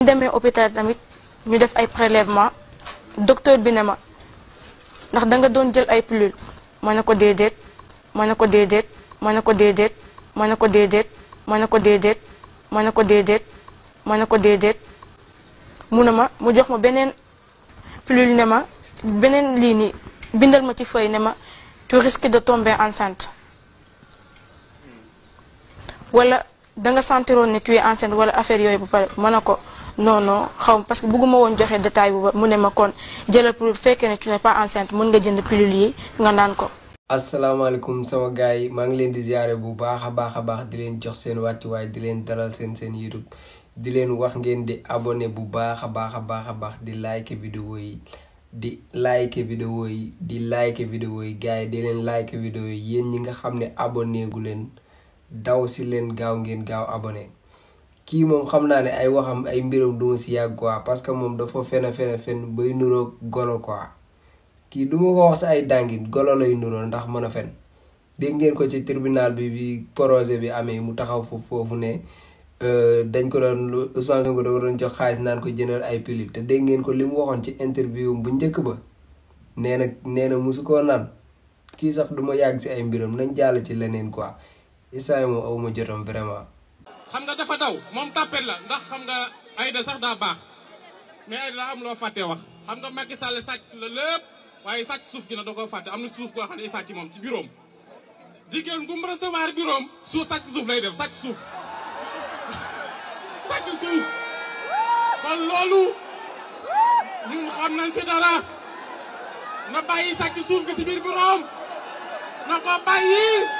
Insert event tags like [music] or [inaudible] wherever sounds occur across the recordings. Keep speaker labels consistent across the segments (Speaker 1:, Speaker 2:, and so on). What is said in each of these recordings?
Speaker 1: ñu demee hôpital tamit ñu def ay prélèvement docteur bi ne ma ndax danga doon jël ay pilule ma ne ko déedéet ma ne ko déedéet ma ne ko déedéet ma ne ko déedéet ma ne ko déedéet ma ne ko déedéet ma ne ko déedéet mu ne ma mu jox ma beneen pilule ne ma beneen lii nii bindal ma ci fay ne ma tu risques de tomber enceinte wala da nga sentiroon ne tu es wala affaire yooyu bu ma ne ko non non xaw parce que bëgguma woon joxe détail bu mu ne ma kon jëlal pilule fekke ne tu n'es pas enceinte mën nga jënd pilule yi nga naan ko. asalaamaaleykum sama gars yi maa ngi leen di ziare bu baax a baax a baax di leen jox seen wàccuwaay di leen dalal seen seen di leen wax ngeen di abonné bu baax a baax a baax a baax di like vidéo yi di like vidéo yi di like vidéo yi gars yi di leen like vidéo yi yéen ñi nga xam ne aboneegu leen daw si leen gaaw ngeen gaaw abonné. kii moom xam naa ne ay waxam ay mbiram duma si yàgg quoi parce que moom dafa fen fen fen bay nuroo golo quoi kii du ma ko wax si ay dàngin golo lay nuroo ndax mën a fen dégg ngeen ko ci tribunal bi bi projet bi amee mu taxaw foofu foofu ne euh, dañ ko doon Ousmane Sonko da ko jox xaalis naan ko jëndal ay pilule te dégg ngeen ko li mu waxoon ci interview bu njëkk ba nee na nee na mosu koo naan kii sax duma yàgg si ay mbiram nañ jàll ci leneen quoi isaay moom awuma jotam vraiment
Speaker 2: xam nga dafa daw moom tàppet la ndax xam nga Aïda sax daa baax mais Aïda daa am loo fàtte wax xam nga Macky Sall sàcc la lépp waaye sàcc suuf gi na da koo fàtte am na suuf koo xam ne moom ci bureau jigéen gu mu suuf sàcc suuf lay def sàcc suuf [laughs] sàcc suuf kon loolu ñun xam nañ si dara na bàyyi sàcc suuf gi si biir bureau na ko bàyyi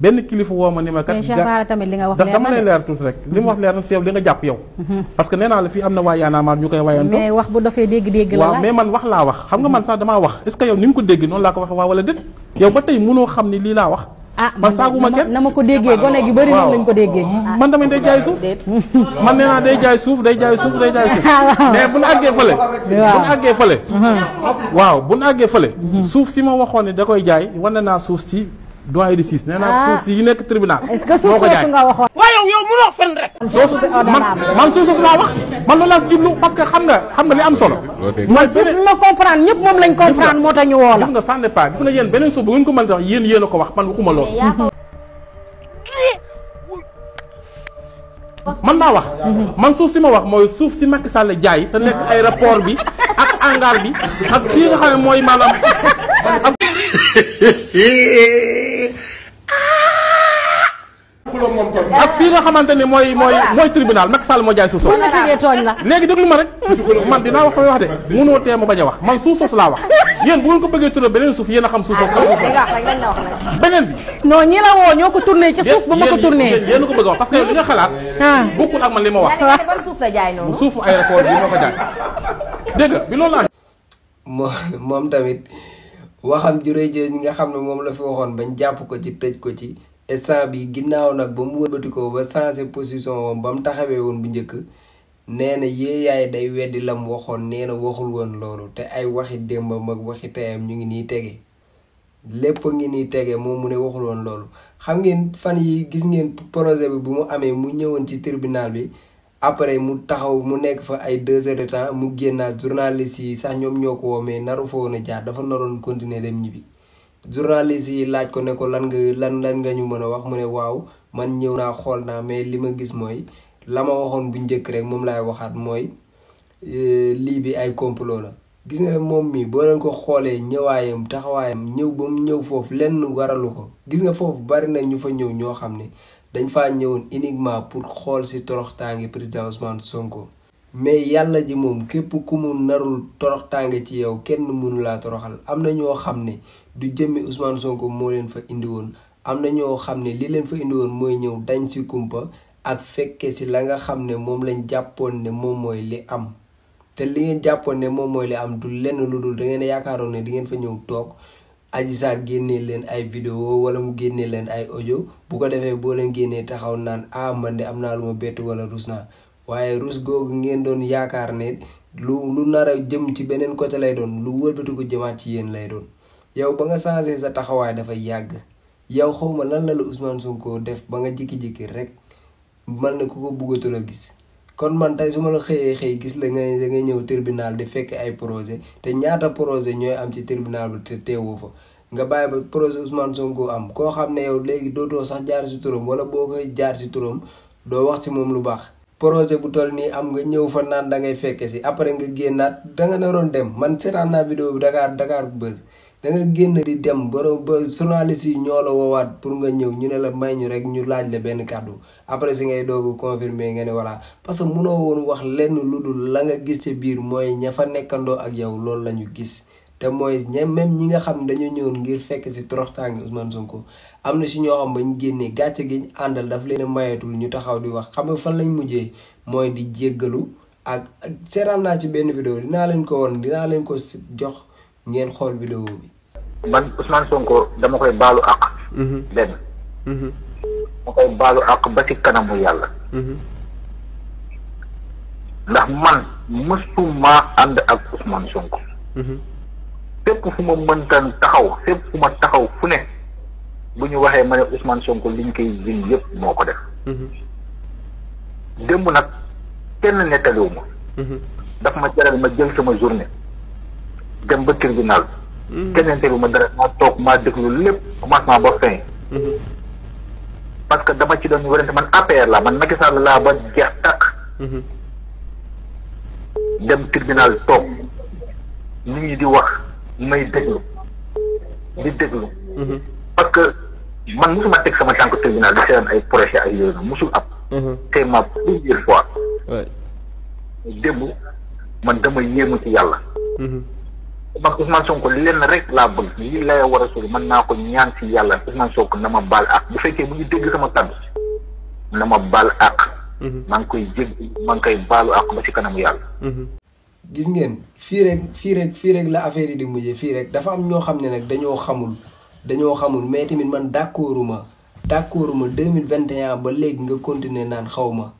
Speaker 2: benn kilifa woo ma ni ma kat. mais Cheikh tamit li nga wax leer na dama leer tuuti rek. li ma wax leer na si yow li nga jàpp yow. Mhm. parce que nee naa la fii am wax mhm. ko dégg noonu laa laa wax. ah man saaguma kenn na ma ko déggee gone gi bëri noonu lañ ko déggee. man tamit day suuf waaw bu nu àggee mhm. suuf si ma waxoon ne da koy jaay wane naa suuf si doyen de si tribunal. est-ce que nga yow yow pas gis nga bu ngeen ko wax man waxuma man wax man ma wax Macky Sall ak fii nga xamante ni mooy mooy mooy tribunal Macky Sall moo jaay suuf soosu léegi déglu ma rek man dinaa wax samay wax de mënoo tee ma bañ a wax man suuf soosu laa wax yéen bu ngeen ko bëggee turé beneen suuf yéen a xam suuf soosu
Speaker 1: ah,
Speaker 2: beneen bi non la ñoo ko tourné ci suuf ba ma ko tourné yéen ko bëgg a wax parce que li nga xalaat
Speaker 1: ah. bokkul ak man li ma wax suuf aéroport bi ma ko jaay dégg nga bi loolu ak moom tamit waxam ju rëy nga xam ne moom la fi waxoon bañ jàpp ko ci tëj ko ci instant bi ginnaaw nag ba mu wëlbati ba changé position woon ba mu taxawee woon bu njëkk nee na yéeyaay day weddi lam waxoon nee na waxul woon loolu te ay waxi démbam ak waxi teyam ñu ngi nii tege lépp ngi nii tege moom mu ne waxul woon loolu xam ngeen fan yi gis ngeen projet bi bu mu amee mu ñëwoon ci tribunal bi après mu taxaw mu nekk fa ay deux heures de temps mu génnaat journaliste yi sax ñoom ñoo ko woomee naru fa woon a jaar dafa naroon continuer dem ñibbi journaliste yi laaj ko ne ko lan nga lan lan nga ñu mën a wax mu ne waaw man ñëw naa xool naa mais li ma gis mooy la ma waxoon bu njëkk rek moom laay waxaat mooy euh, lii bi ay complot la. gis nga moom mi boo leen ko xoolee ñëwaayam taxawaayam ñëw ba ñëw foofu lenn waralu ko gis nga foofu bari na ñu fa ñëw ñoo xam ne dañ faa ñëwoon uniquement pour xool si toroxtaange président Ousmane Sonko. mais yàlla ji moom képp ku mu narul toroxtaange ci yow kenn mënu laa toroxal am na ñoo xam ne du jëmmi Ousmane Sonko moo leen fa indi woon am na ñoo xam ne li leen fa indi woon mooy ñëw dañ ci kumpa ak fekke ci la nga xam ne moom lañ jàppoon ne moom mooy li am te li ngeen jàppoon ne moom mooy li am du lenn lu dul da ngeen yaakaaroon ne di ngeen fa ñëw toog Adji Sarr génnee leen ay vidéo wala mu génnee leen ay audio bu ko defee boo leen génnee taxaw naan ah man de am naa lu ma bett wala rus naa waaye rus googu ngeen doon yaakaar ne lu lu nar a jëm ci beneen côté lay doon lu wëlbatu ko jëmaat ci yéen lay doon. yow ba nga changé sa taxawaay dafay yàgg yow xawma lan la la Ousmane Sonko def ba nga jékki-jékki rek man na ku ko bëggatul a gis kon man tey su ma la xëyee xëy gis la nga da ngay ñëw tribunal di fekk ay projet te ñaata projet ñooy am ci tribunal bi te teewoo fa nga bàyyi ba projet Ousmane Sonko am koo xam ne yow léegi dootoo sax jaar si turam wala boo koy jaar si turam doo wax si moom lu baax. projet bu toll nii am nga ñëw fa naan da ngay fekke si après nga génnaat da nga naroon dem man seetaan naa vidéo bi Dakar Dakar da génn di dem ba ba journaliste si ñoo la woowaat pour nga ñëw ñu ne la may ñu rek ñu laaj la benn kàddu après si ngay doog confirmer nga ne voilà parce que mënoo woon wax lenn lu dul la nga gis ci biir mooy ña fa nekkandoo ak yow loolu la ñu gis. te mooy ña ñi nga xam ne dañoo ngir fekk si toroxtaange Ousmane ko am na si ñoo xam ba ñu génnee gàcce gi ñu àndal daf leen mayeetul ñu taxaw di wax xam fan lañ mujjee mooy di jéggalu ak seetaan naa ci benn vidéo dinaa leen ko woon dinaa leen ko jox. ngeen xol video bi
Speaker 3: man Ousmane Sonko dama koy balu ak hmm ben hmm mo koy balu ak ba ci kanamu yalla hmm ndax man mësuma and ak Ousmane Sonko hmm fépp fu ma tan taxaw fépp fu ma taxaw fu ne buñu waxe mané Ousmane Sonko liñ koy jinn yépp moko def hmm démb nak kenn nettaliwu hmm daf ma jaral ma jël sama journée dem ba tribunal. keneen bu ma dara ma tok ma lu lepp ma ma ba fin. parce que dama ci doon wérante man APR la hmm. man Macky Sall la ba jeex tak dem tribunal tok nit ñi di wax may déglu di déglu. parce que man musuma tek sama tànk tribunal di seetaan ay projet ay yoon musul ap té ma première fois. démb man dama yému ci yalla parce Ousmane Sonko lenn rek laa bëgg lii lay war a sori mën naa ko ñaan si yàlla Ousmane Sonko na ma baal ak bu fekkee bu ñu dégg sama kàddu na ma baal ak. Mhm. maa koy jég maa koy baalu ak ba si kanamu yàlla.
Speaker 1: Mhm. gis ngeen fii rek fii rek fii rek la affaire yi di mujjee fii rek dafa am ñoo xam ne nag dañoo xamul dañoo xamul mais tamit man d'accorduma d'accorduma 2021 ba léegi nga continuer naan xaw ma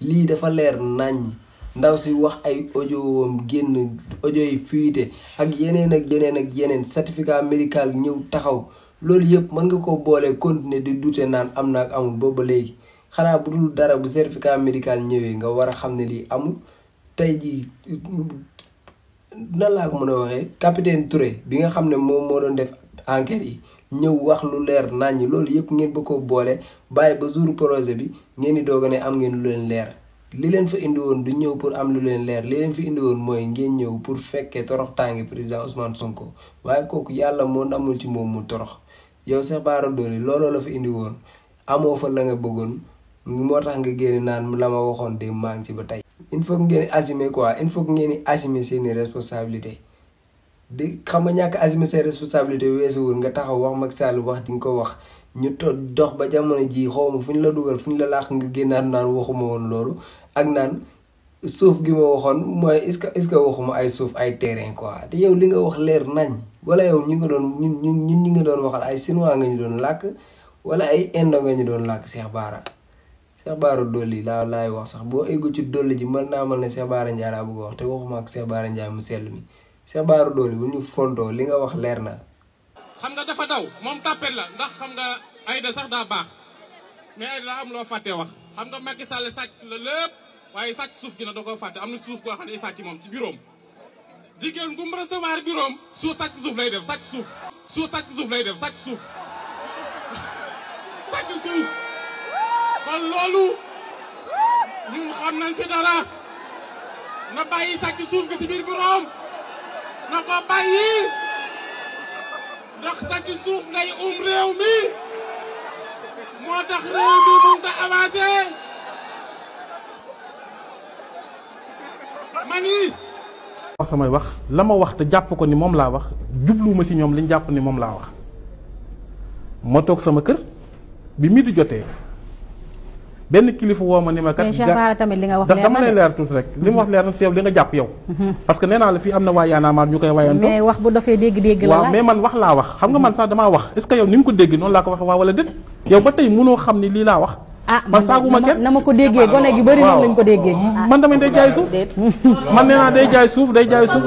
Speaker 1: lii dafa leer naññ. ndaw si wax ay audio génn ojo yi fiite ak yeneen ak yeneen ak yeneen certificat médical ñëw taxaw loolu yëpp mën nga ko boole continuer di dute naan am na ak amul booba léegi xanaa bu dul dara bu certificat médical ñëwee nga war a xam ne lii amul tey jii nan laa ko mën a waxee capitaine Touré bi nga xam ne moom moo doon def enquête yi ñëw wax lu leer naññ loolu yëpp ngeen ba ko boole bàyyi ba jour projet bi ngeen di doog ne am ngeen lu leen leer. li leen fa indi woon du ñëw pour am lu leen leer li leen fi indi woon mooy ngeen ñëw pour fekkee torox tàngi président Ousmane Sonko waaye kooku yàlla moo namul ci moom mu torox yow Cheikh Bara Dolly looloo la fa indi woon amoo fa la nga bëggoon moo tax nga génn naan la ma waxoon de maa ngi ci ba tey. il faut ngeen assumer ko il faut ngeen assumer seeni responsabilité di xam nga ñàkk assumer seen responsabilité weesuwul nga taxaw wax mag Sall wax di nga ko wax. ñu to dox ba jamono ji xaw ma fu ñu la dugal fu ñu la laax nga génnaat naan waxuma woon loolu ak naan suuf gi ma waxoon mooy est-ce que est-ce que waxuma ay suuf ay terrain quoi yow li nga wax leer nañ wala yow ñu nga doon ñun ñun ñi nga doon waxal ay chinois nga ñu doon làkk wala ay indo nga ñu doon làkk Cheikh Bara Cheikh Bara Dolly laa laay wax sax boo eggu ci Dolly ji mën naa mën ne Cheikh Bara Ndiaye laa bëgg wax te waxuma ak Cheikh Bara Ndiaye mu sell mi Cheikh Bara Dolly bu ñu fontoo li nga wax leer na
Speaker 2: xam nga dafa daw moom tàppet la ndax xam nga Aïda sax daa baax mais Aïda daa am loo fàtte wax xam nga Macky Sall sàcc la lépp waaye sàcc suuf gi na da koo fàtte am na suuf koo xam ne moom ci bureau jigéen gu mu recevoir suuf sàcc suuf lay def sàcc suuf suuf sàcc suuf lay def sàcc suuf [laughs] sàcc suuf loolu ñun nañ si dara na bàyyi sàcc suuf gi si biir bureau na ko bàyyi ndax sa ci suuf nday um réew mi moo tax réew mi mënut a avancé man yi wax samay wax la ma wax te jàpp ko ni moom laa wax jubluwuma ci ñoom liñ jàpp ni moom laa wax ma toog sama kër bi midi jotee benn kilifa woo ma ni ma kat. mais Cheikh Bara tamit li nga wax leer na dama lay leer tuuti rek. li ma wax mhm. leer na si yow ko dégg noonu laa ko wax laa wax. ah man saaguma kenn ko déggee gone gi bëri noonu lañ day jaay suuf [laughs] man day jaay suuf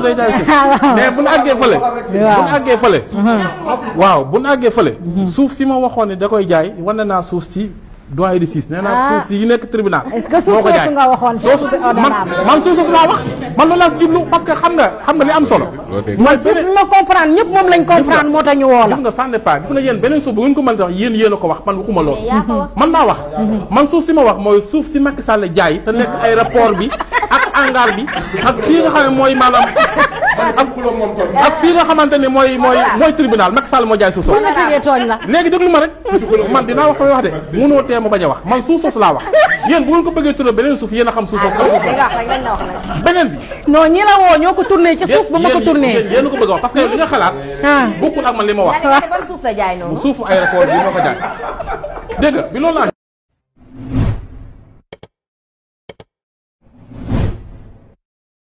Speaker 2: waaw bu nu àggee mhm. mhm. suuf si ma waxoon ne da koy jaay wane naa suuf si doyen de Ciss nee naa ah. suuf si yi nekk tribunal. est-ce que suuf soosu nga waxoon soosu man man suuf soosu laa wax man loolu laa si jublu parce que xam nga xam nga li am solo. mooy suuf la comprendre ñëpp moom lañ comprendre moo tax ñu woo la. gis nga sànni pas gis nga yéen beneen suuf bu ngeen ko mën a wax yéen yéen a ko wax man waxuma loolu. man naa wax mhm. man suuf si ma wax mooy suuf si Macky Sall jaay te nekk aéroport bi ak. hangar bi ak fii nga xamante ne mooy mooy mooy tribunal Macky moo jaay suuf soosu léegi déglu ma rek man dinaa wax samay wax de mënoo tee bañ a wax man suuf soosu laa wax yéen bu ngeen ko bëggee tourné beneen suuf yéen a xam suuf soosu ah, beneen bi non ñi ñoo ko tourné ci suuf ba ma ko tourné yéen ko bëgg a wax parce que li nga xalaat ah. bokkul ak man li ma wax
Speaker 1: suuf ay rapport bi ma ko
Speaker 3: jaay dégg bi loolu la